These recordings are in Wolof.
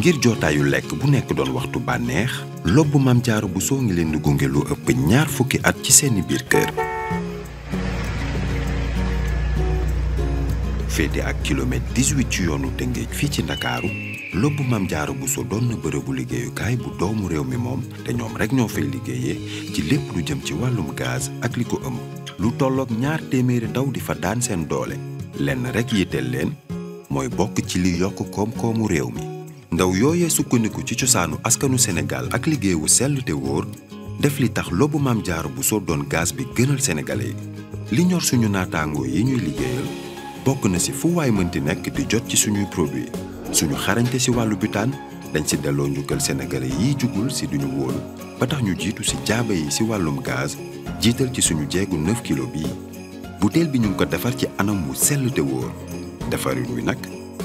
ngir jotaayu lekk bu nekk doon waxtu bànneex lobbu Mame bu Bousso ngi leen di gunge lu ëpp ñaar fukki at ci seeni biir kër. féete ak kilomètre 18 ci yoonu Tëngéej fii ci Ndakaaru lobbu Mame Diarra Bousso doon na bërëbu liggéeyukaay bu doomu réew mi moom te ñoom rek ñoo fay liggéeyee ci lépp lu jëm ci wàllum gaz ak li ko ëmb. lu tolloog ñaar téeméeri ndaw di fa daan seen doole lenn rek yitteel leen mooy bokk ci li yokk koom-koomu réew mi. ndaw yooyee sukkandiku ci cosaanu askanu Sénégal ak liggéeyu sell te wóor def li tax lobu maam jaaru bu soo doon gaz bi gënal sénégalais yi li ñor suñu naataangoo yi ñuy liggéeyal bokk na si fu waay mënti nekk di jot ci suñuy produit suñu xarañte si wàllu butaan dañ si delloo njukkal sénégalais yiy jugul si duñu wóolu ba tax ñu jiitu si jaaba yi si wàllum gaz jiital ci suñu jeegu 9 kilo bii butéel bi ñu ko defar ci anam wu sell te wóor defarin wi nag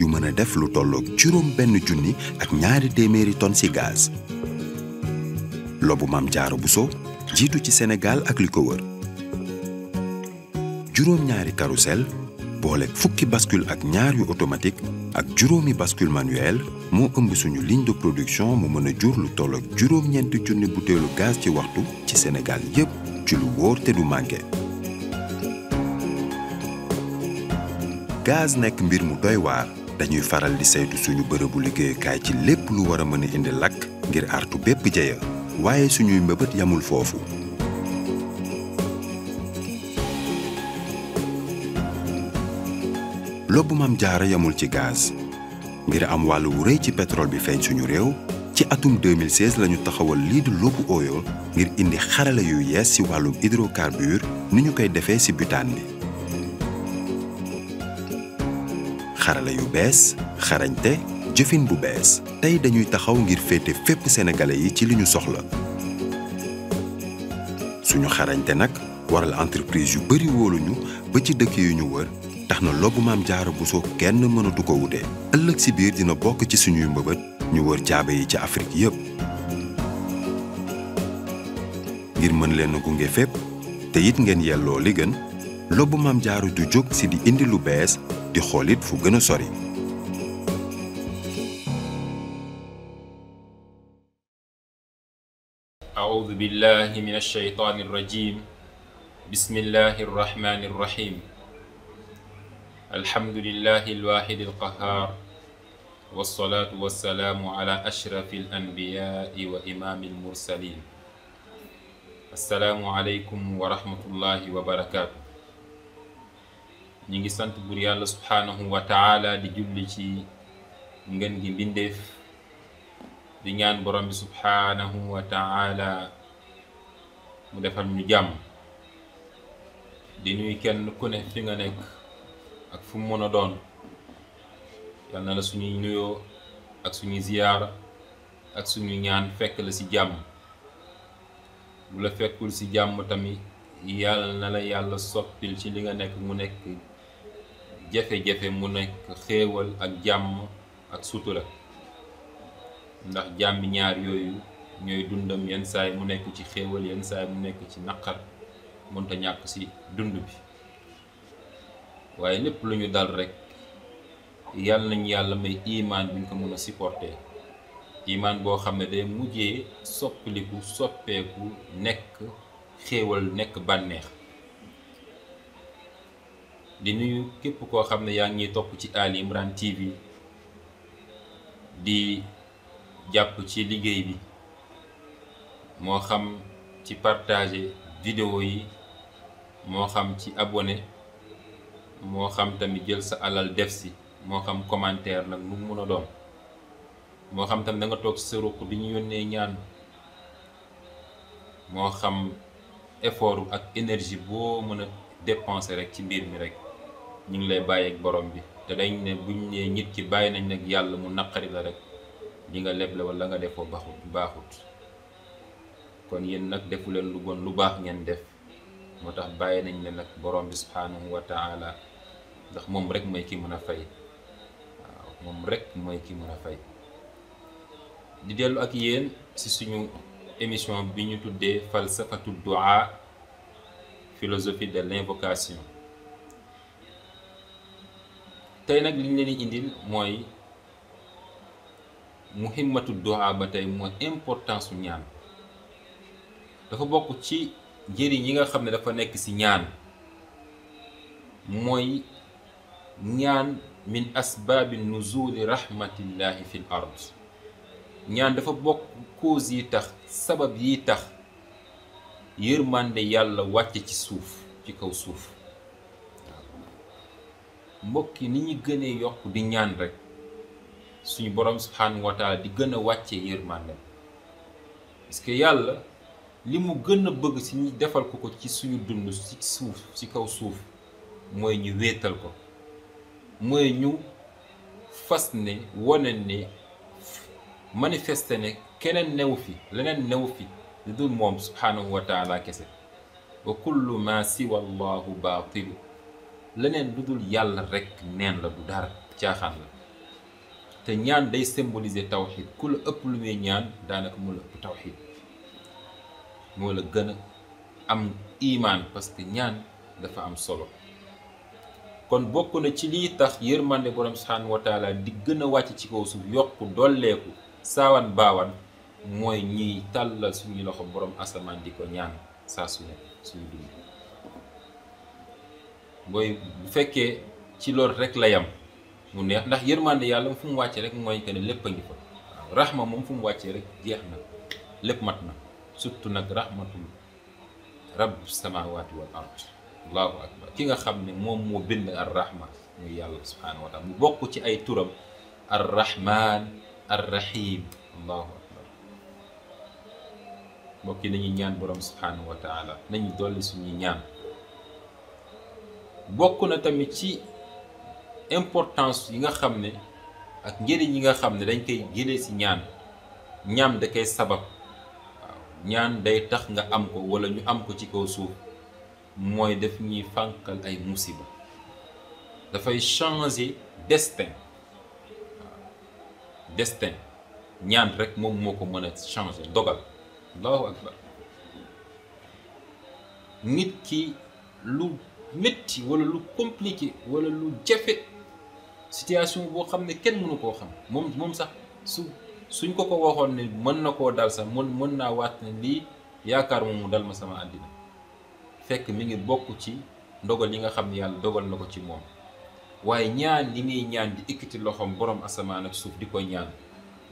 yu mën a def lu tollook juróom benn junni ak ñaari téeméeri tonnes ci gaz. lobu jaaro bu Buso jiitu ci senegal ak li ko wër juróom ñaari carrousel boole fukki baskul ak ñaar yu automatique ak juróomi baskul manuel moo ëmb suñu ligne de production mu mën a jur lu tollook ak juróom-ñeenti junni butéelu gaz ci waxtu ci senegal yépp ci lu wóor te du manqué. gaz nekk mbir mu doy waar. dañuy faral di saytu suñu bërëbu liggéeyukaay ci lépp lu war a mën a indi lakk ngir artu bépp jeya waaye suñuy mbëbët yamul foofu lobbu maam jaara yamul ci gaz ngir am wàll wu rëy ci pétrole bi feeñ suñu réew ci atum 2016 lañu taxawal lii di lobbu oyo ngir indi xarala yu yees ci wàllum hydrocarbure ni ñu koy defee si butaan bi xarala yu bees xarañte jëfin bu bees tey dañuy taxaw ngir féete fépp sénégalais yi ci li ñu soxla suñu xarañte nag waral entreprise yu bari wóoluñu ba ci dëkk yu ñu wër tax na lobu maam jaara Bousso kenn mënatu ko wute ëllëg si biir dina bokk ci suñuy mbëbët ñu wër jaabe yi ci Afrique yépp ngir mën leen a gunge fépp te it ngeen yelloo li gën lobbu maam jaaru du jóg si di indi lu bees di xoolit fu gën a sori. أعوذ بالله من الشيطان الرجيم بسم الله الرحمن الرحيم الحمد لله الواحد القهار والصلاة والسلام على أشرف الأنبياء وإمام المرسلين السلام عليكم ورحمة الله وبركاته ñu ngi sant buur yàlla subhaanahu wa di julli ci ngën gi mbindeef di ñaan borom bi subhaanahu wa mu defar ñu jàmm di nuy kenn ku ne fi nga nekk ak fu mu mën a doon yal na la suñuy nuyoo ak suñuy ziyaara ak suñu ñaan fekk la ci jàmm bu la fekkul ci jàmm tamit yàlla na la yàlla soppil ci li nga nekk mu nekk jafe-jafe mu nekk xéewal ak jàmm ak sutura ndax jàmmi ñaar yooyu ñooy dundam yenn saay mu nekk ci xéewal yenn saay mu nekk ci naqar mënta ñàkk ci dund bi waaye népp lu ñu dal rekk yàlla nañu yàlla may imaan bi ñu ko mën a supporter imaan boo xam ne day mujjee soppiliku soppeeku nekk xéewal nekk bànneex di nuyu képp koo xam ne yaa ngi topp ci Ali Imran TV di jàpp ci liggéey bi moo xam ci partage vidéo yi moo xam ci abone moo xam tamit jël sa alal def si moo xam commentaire nag lu mu mën a doon moo xam tamit da nga toog sa ruq di ñu yónnee ñaan moo xam effort ak énergie boo mën a dépenser rek ci mbir mi rek ñu ngi lay bàyyeek borom bi te dañ ne buñ ne nit ki bàyyi nañ nag yàlla mu naqari la rek li nga leb leble wala nga defoo baaxut baaxut kon yéen nag defu leen lu bon lu baax ngeen def moo tax bàyyi nañ leen nag borom bi subhanahu wa taala ndax moom rek mooy ki mën a fay waaw moom rek mooy ki mën a fay di dellu ak yéen ci suñu émission bi ñu tuddee falsafatu du'a philosophie de l'invocation tey nag li ñu leen indil mooy muhimmatu du'a ba tey mooy importance su ñaan dafa bokk ci njëriñ yi nga xam ne dafa nekk ci ñaan mooy ñaan min asbaabi nuzuli rahmatillahi fil ard ñaan dafa bokk cause yi tax sabab yi tax yërmande yàlla wàcce ci suuf ci kaw suuf mbokk yi ni ñu gënee yokk di ñaan rekk suñu borom subhanahu di gën a wàcce yërmande parce que yàlla li mu gën a bëgg si ñu defal ko ko ci suñu dund si suuf si kaw suuf mooy ñu wéetal ko mooy ñu fas ne wane ne manifeste ne keneen newu fi leneen newu fi lu dul moom subhanahu wa kese wa kullu ma siwa allahu leneen lu dul yàlla rekk neen la du dara caaxaan la te ñaan day symboliser tawxid ku la ëpp lu muy ñaan daanaka moo la ëpp tawxid moo la gën a am imaan parce que ñaan dafa am solo kon bokk na ci lii tax yërmande borom subhaanahu wa taala di gën a wàcc ci kaw suuf yokku dolleeku saawan baawan mooy ñuy tàllal suñuy loxo borom asamaan di ko ñaan saa su suñu dund booy bu fekkee ci loolu rek la yam mu neex ndax yërmande yàlla fu mu wàccee rek mooy que ne lépp a ngi fa waaw raxma moom fu mu wàccee rek jeex lépp mat na surtout nag raxmatul rabb samawati wal ard nga xam ne moom moo bind ar rahma muy yàlla subhanahu wa mu bokk ci ay turam ar rahman ar rahim allahu akbar mbokk nañu ñaan boroom subhanahu wa taala nañu dolli suñuy ñaan bokk na tamit ci importance yi nga xam ne ak njëriñ yi nga xam ne dañ koy jëlee ci ñaan ñaan da koy sabab waaw ñaan day tax nga am ko walla ñu am ko ci kaw suuf mooy def ñuy fànkal ay musiba dafay changer destin waaw destin ñaan rek moom moo ko mën a changer dogal nit ki lu métti wala lu compliqué walla lu jafe situation boo xam ne kenn mënu koo xam moom moom sax su suñ ko ko waxoon ne mën na koo dal sax mën mën naa waat ne lii yaakaar moom mu dal ma sama àddina fekk mi ngi bokk ci ndogal yi nga xam ne yàlla dogal na ko ci moom waaye ñaan yi ngay ñaan di ekkiti loxoom borom asamaan ak suuf di ko ñaan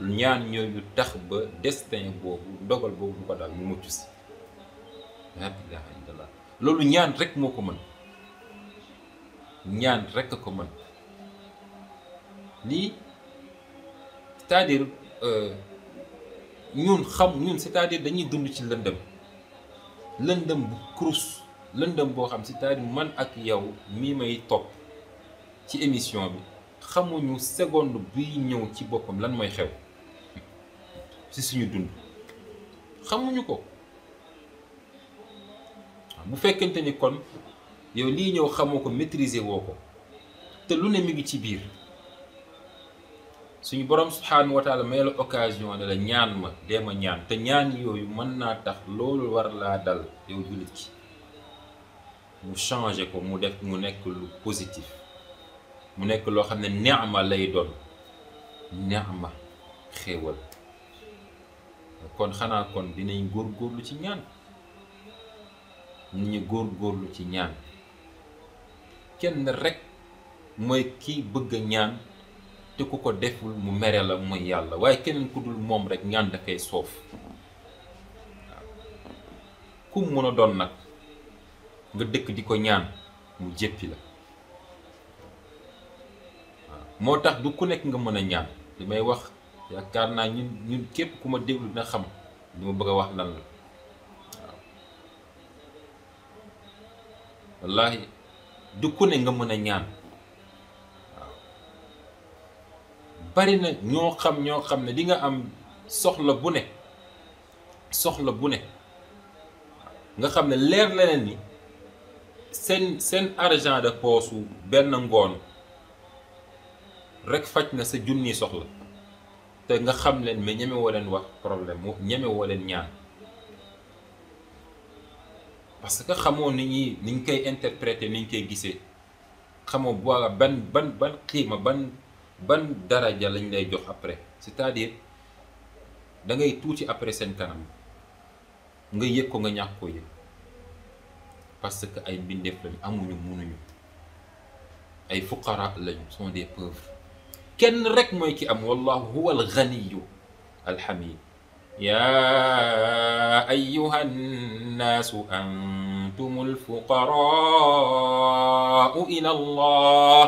ñaan ñooñu tax ba destin boobu ndogal boobu bu ko dal mu mucc si loolu ñaan rek moo ko mën ñaan rekk a ko mën lii cest à euh, ñun xam ñun stadir dañuy dund ci lëndëm lëndëm bu kurus lëndëm boo xam c'est-à-dire man ak yow mii may topp ci émission bi xamuñu segond biy ñëw ci boppam lan mooy xew ci suñu dund xamuñu ko bu fekkente ni kon yow lii ñëw xamoo ko maîtriser woo ko te lu ne mi ngi ci biir suñu borom subhanahu wa taala may la occasion ne la ñaan ma dee ñaan te ñaan yooyu mën naa tax loolu war laa dal yow jullit ki mu changé ko mu def mu nekk lu positif mu nekk loo xam ne neema lay doon neema xéewal kon xanaa kon dinañ góorgóorlu ci ñaan nit ñi góorgóorlu ci ñaan kenn rekk mooy kii bëgg a ñaan te ku ko deful mu mere la mooy yàlla waaye keneen ku dul moom rek ñaan da koy soof waaw ku mun a doon nag nga dëkk di ko ñaan mu jéppi la waaw moo tax du ku nekk nga mën a ñaan li may wax yaakaar naa ñun ñun képp ku ma déglu na xam li ma bëgg a wax lan la waaw wallaahi du ku ne nga mën a ñaan waaw bari na ñoo xam ñoo xam ne dinga am soxla bu ne soxla bu ne nga xam ne leer leneen ni seen seen argent de poosu benn ngoon rek faj na sa junni soxla te nga xam leen mais ñeme woo leen wax problème mu ñemewoo leen ñaan. parce que xamoo ni ñi ni ñu koy interpréter ni ñu koy gisee xamoo boira ban ban ban xiima ban ban daraja lañ lay jox après c'est-à-dire da ngay tuuti après seen kanam nga yëg ko nga ñàkk ko yëg parce que ay mbindeef lañu amuñu munuñu ay fuqara lañu sont des pauvres kenn rek mooy ki am wallahu huwa al ghaniyu يا أيها الناس أنتم الفقراء إلى الله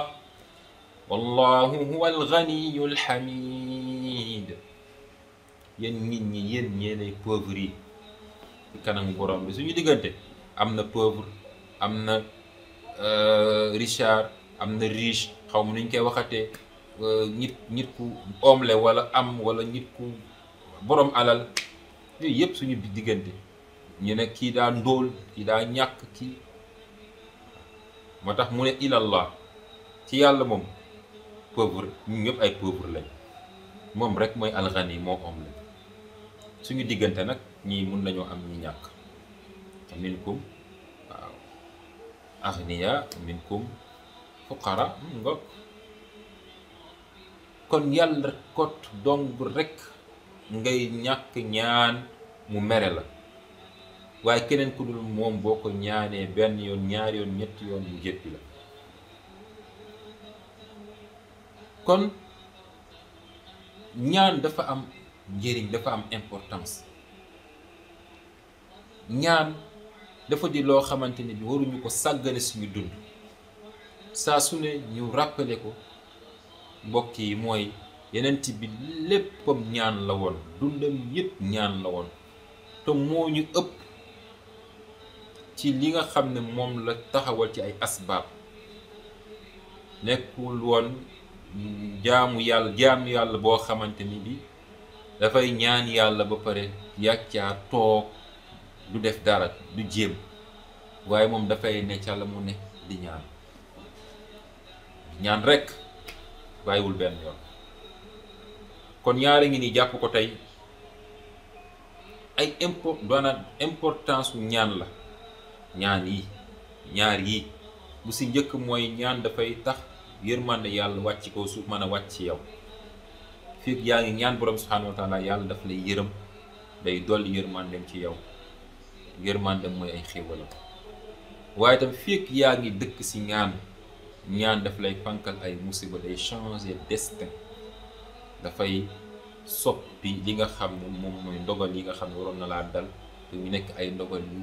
والله هو الغني الحميد yéen nit ñi yéen yéenay pauvres yi ci kanam borom bi suñu diggante am na pauvre am na euh, richard am na riche xaw ma nuñ koy waxatee euh, nit nit ku omle wala am wala nit ku boroom alal yooyu yëpp suñu diggante ñu ne kii daa ndóol kii daa ñàkk kii moo tax mu ne ilallah ci yàlla moom pauvre ñu ñëpp ay pauvre lañ moom rek mooy alxani moo om lañ suñu diggante nag ñii mun nañoo am ñi ñàkk minkum waaw agniya minkum fuqara nga kon yàlla kot dong rek ngay ñàkk ñaan mu mere la waaye keneen ku dul moom boo ko ñaanee benn yoon ñaari yoon ñetti yoon mu jéppi la kon ñaan dafa am njëriñ dafa am importance ñaan dafa di loo xamante ne bi waruñu ko sàggane suñu dund saa su ne ñu rappelé ko mbokk yi mooy yeneen bi léppam ñaan la woon dundam yëpp ñaan la woon te moo ñu ëpp ci li nga xam ne moom la taxawal ci ay asbaab nekkul woon jaamu yàlla jaamu yàlla boo xamante ni bi dafay ñaan yàlla ba pare yàccaa toog du def dara du jéem waaye moom dafay ne ca la mu ne di ñaan ñaan rekk bàyyiwul benn yoon kon ñaara ngi ni jàpp ko tey ay impo doona importance wu ñaan la ñaan yi ñaar yi bu si njëkk mooy ñaan dafay tax yërmande yàlla wàcc ko su mën a wàcc ci yow fii yaa ngi ñaan borom yàlla daf lay yërëm day dolli yërmandeem ci yow yërmandeem mooy ay xéewalam waaye tam fii yaa ngi dëkk ci ñaan ñaan daf lay pankal ay musiba day changer destin dafay soppi li nga xam ne moom mooy ndogal yi nga xam ne waroon na laa dal te mu nekk ay ndogal yu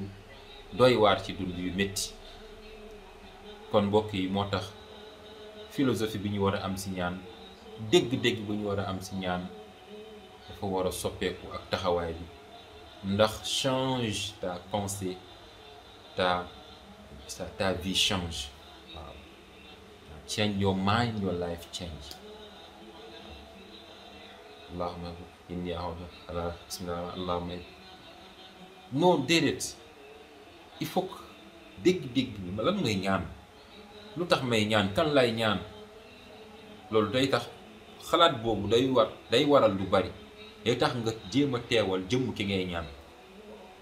doy waar ci dund yu metti kon mbokk yi moo tax philosophie bi ñu war a am si ñaan dégg-dégg bu ñu war a am si ñaan dafa war a soppeeku ak taxawaay bi ndax change ta pensée ta ta ta vie change waaw change your mind your life change allahuma in yaaxoon ala bismillah allahuma non déedéet il faut que dégg-dégg bi ma lan ngay ñaan lu tax may ñaan kan lay ñaan loolu day tax xalaat boobu day war day waral lu bari day tax nga jéem a teewal jëmm ki ngay ñaan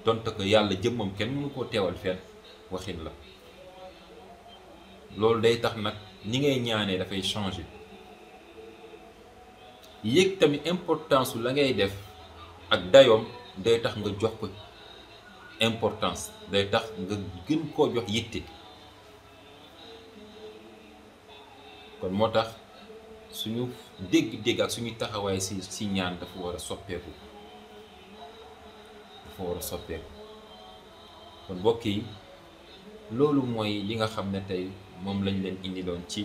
donte ko yàlla jëmmam kenn mënu ko teewal fenn waxin la loolu day tax nag ni ngay ñaanee dafay changer yéeg tamit importance su la ngay def ak dayoom day tax nga jox ko importance day tax nga gën koo jox yitte kon moo tax suñu dégg-dégg ak suñu taxawaay si si ñaan dafa war a soppeeku dafa war kon mbokk yi loolu mooy li nga xam ne tey moom lañ leen indiloon ci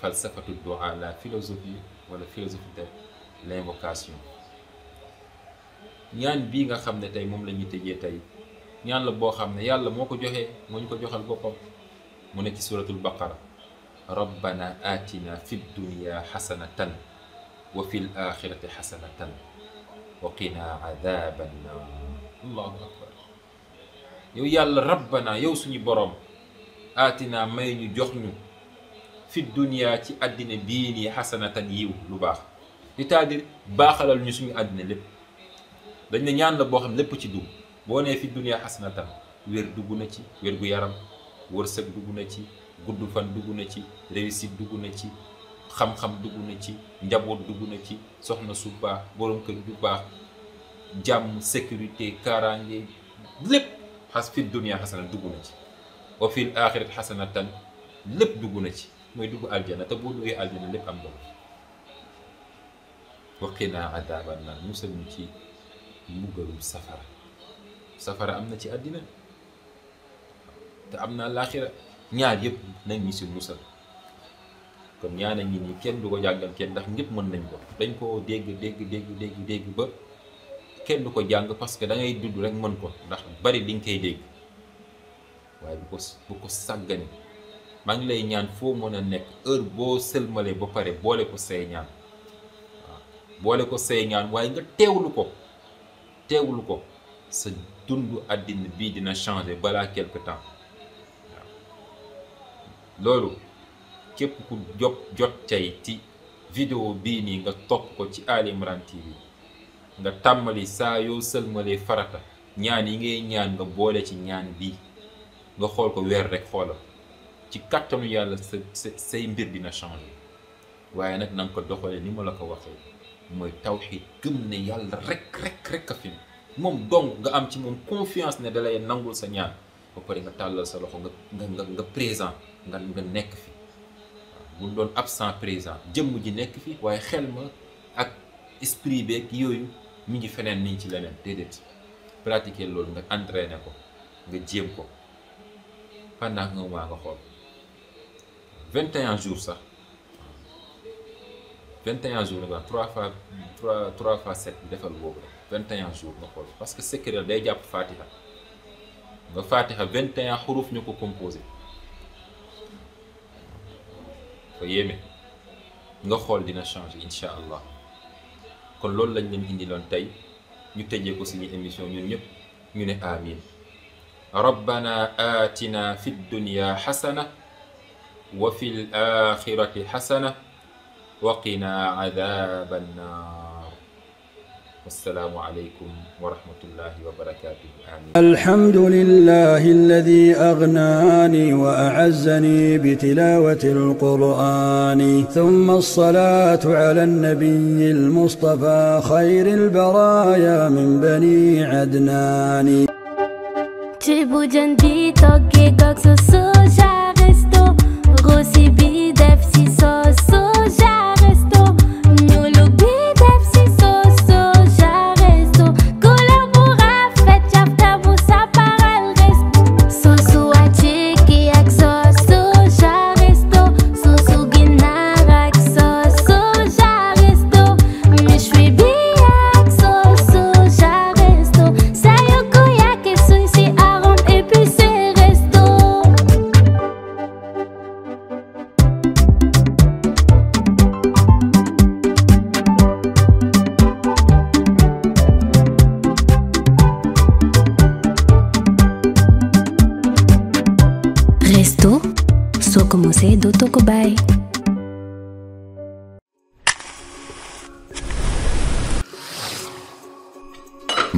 falsafatu du'a la philosophie wala philosophie de l'invocation ñaan bii nga xam ne tey moom la ñuy tëjee tey ñaan la boo xam ne yàlla moo ko joxe moo ñu ko joxal boppam mu ne ci suratul baqara rabbana atina fid dunya xasanatan wa fil axirati xasanatan wa qina adaban yàlla rabbana yow suñu boroom atina may ñu jox ñu fi dunia ci àddina bii nii xasanatan yiw lu baax cest à baaxalal ñu suñu àddina lépp dañ ne ñaan la boo xam lépp ci dugg boo nee fi dunia xasanatan wér dugg na ci wér gu yaram wërsëg dugg na ci gudd fan dugg na ci réussite dugg na ci xam-xam dugg na ci njaboot dugg na ci soxna su boroom kër bu baax jàmm sécurité kaaraange lépp xas fi dunia xasana dugg na ci wa fil xasanatan lépp dugg na ci mooy dugg aljana te boo duggee aljana lépp am dox waqinaa adaaban naar ci mbugalum safara am na ci àddina te am naa laaxira ñaar yëpp nañ ñu si musal kon ñaana ñi ñi kenn du ko jàngal kenn ndax ñëpp mën nañ ko dañ koo dégg dégg dégg dégg ba kenn du ko jàng parce que da ngay dudd rek mën ko ndax bari li nga koy dégg waaye bu ko bu ko sàggane maa ngi lay ñaan foo mën a nekk heure boo sëlmalee ba pare boole ko say ñaan boole ko say ñaan waaye nga teewlu ko teewlu ko sa dund àddina bii dina changer balaa quelque temps waaw loolu képp ku jot jot cay ci vidéo bii nii nga topp ko ci Ali Imran TV nga tàmbali saa yoo sëlmalee farata ñaan yi ngay ñaan nga boole ci ñaan bii nga xool ko weer rek xoolal ci kàttanu yàlla sa say mbir dina changer waaye nag na nga ko doxalee ni ma la ko waxee mooy tawxiid gëm ne yàlla rek rek rek a fi moom dong nga am ci moom confiance ne dalay nangul sa ñaan ba pare nga tàllal sa loxo nga nga nga présent nga nga nekk fi waaw mun doon absent présent jëmm ji nekk fi waaye xel ma ak esprit beeg yooyu mu ngi feneen niñ ci leneen déedéet pratiquer loolu nga entraîner ko nga jéem ko pendant un mois nga xool. vingt 21 jours sax 21 jours nga 3 fois 3 3 fois 7 bi defal boobu rek 21 jours nga xool parce que secret day jàpp fatiha nga vingt 21 xuruf ñu ko composé fa yéeme nga xool dina changer incha allah kon loolu lañ leen indiloon tey ñu tëjee ko suñu émission ñun ñëpp ñu ne amin rabbana atina fi dunya xasana wa fil axirati xasana wa qina adaba annar wassalaamu aleykum wa rahmatullahi wa barakatuh amin alhamdulillahi alladi agnaani wa a'azzani bitilawati alqur'ani thumma alsalatu ala annabiyi almustafa khayri albaraya min bani adnaani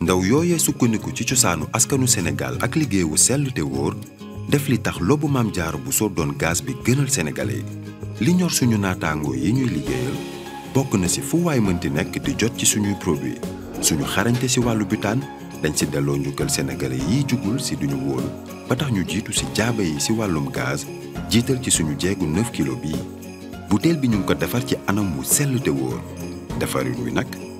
ndaw yooye sukkandiku ci cosaanu askanu Sénégal ak liggéeyu sell te wóor def li tax lobu maam jaaru bu soo doon gaz bi gënal sénégalais li ñor suñu naataangoo yi ñuy liggéeyal bokk na si fu waay mënti nekk di jot ci suñuy produit suñu xarañte si wàllu butaan dañ si delloo njukkal sénégalais yiy jugul si duñu wóolu ba tax ñu jiitu si jaaba yi si wàllum gaz jiital ci suñu jeegu 9 kilo bii butéel bi ñu ngi ko defar ci anam wu sell te wóor defarin wi nag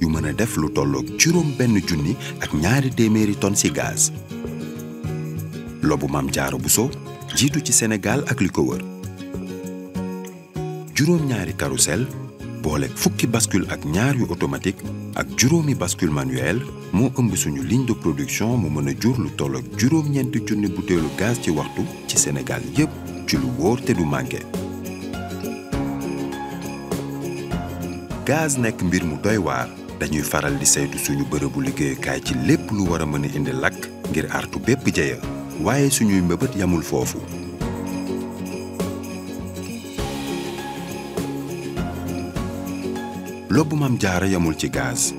yu mën a def lu tolloog juróom benn junni ak ñaari téeméeri tonnes ci gaz. lobu Maam bu Buso jiitu ci senegal ak li ko wër juróom-ñaari carrousel booleeg fukki bascule ak ñaar yu automatique ak juróomi bascule manuel moo ëmb suñu ligne de production mu mën a jur lu tollook juróom-ñeenti junni butéelu gaz ci waxtu ci senegal yépp ci lu wóor te du manqué. gaz nekk mbir mu doy waar dañuy faral di saytu suñu bërëbu liggéeyukaay ci lépp lu war a mën a indi làkk ngir artu bépp jeya waaye suñuy mbëbët yamul foofu lobbu Maam Jaara yamul ci gaz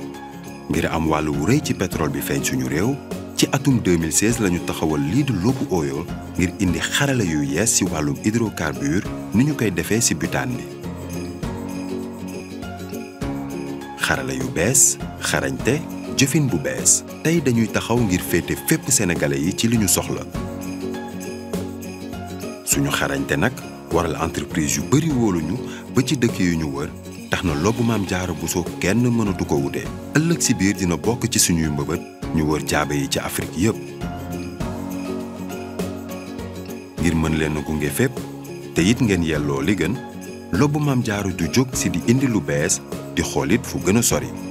ngir am wàll wu rëy ci pétrole bi feeñ suñu réew ci atum 2016 lañu taxawal lii di lobbu oyo ngir indi xarala yu yees ci wàllum hydrocarbure ni ñu koy defee si butaan bi xarala yu bees xarañte jëfin bu bees tey dañuy taxaw ngir féete fépp sénégalais yi ci li ñu soxla suñu xarañte nag waral entreprise yu bari wóoluñu ba ci dëkk yu ñu wër tax na loobu maam bu soo kenn mënatu ko wute ëllëg si biir dina bokk ci suñuy mbëbët ñu wër jaabe yi ci Afrique yépp ngir mën leen gunge fépp te it ngeen yelloo li gën loobu maam jaara ju jóg si di indi lu bees di xool it fu gën a sori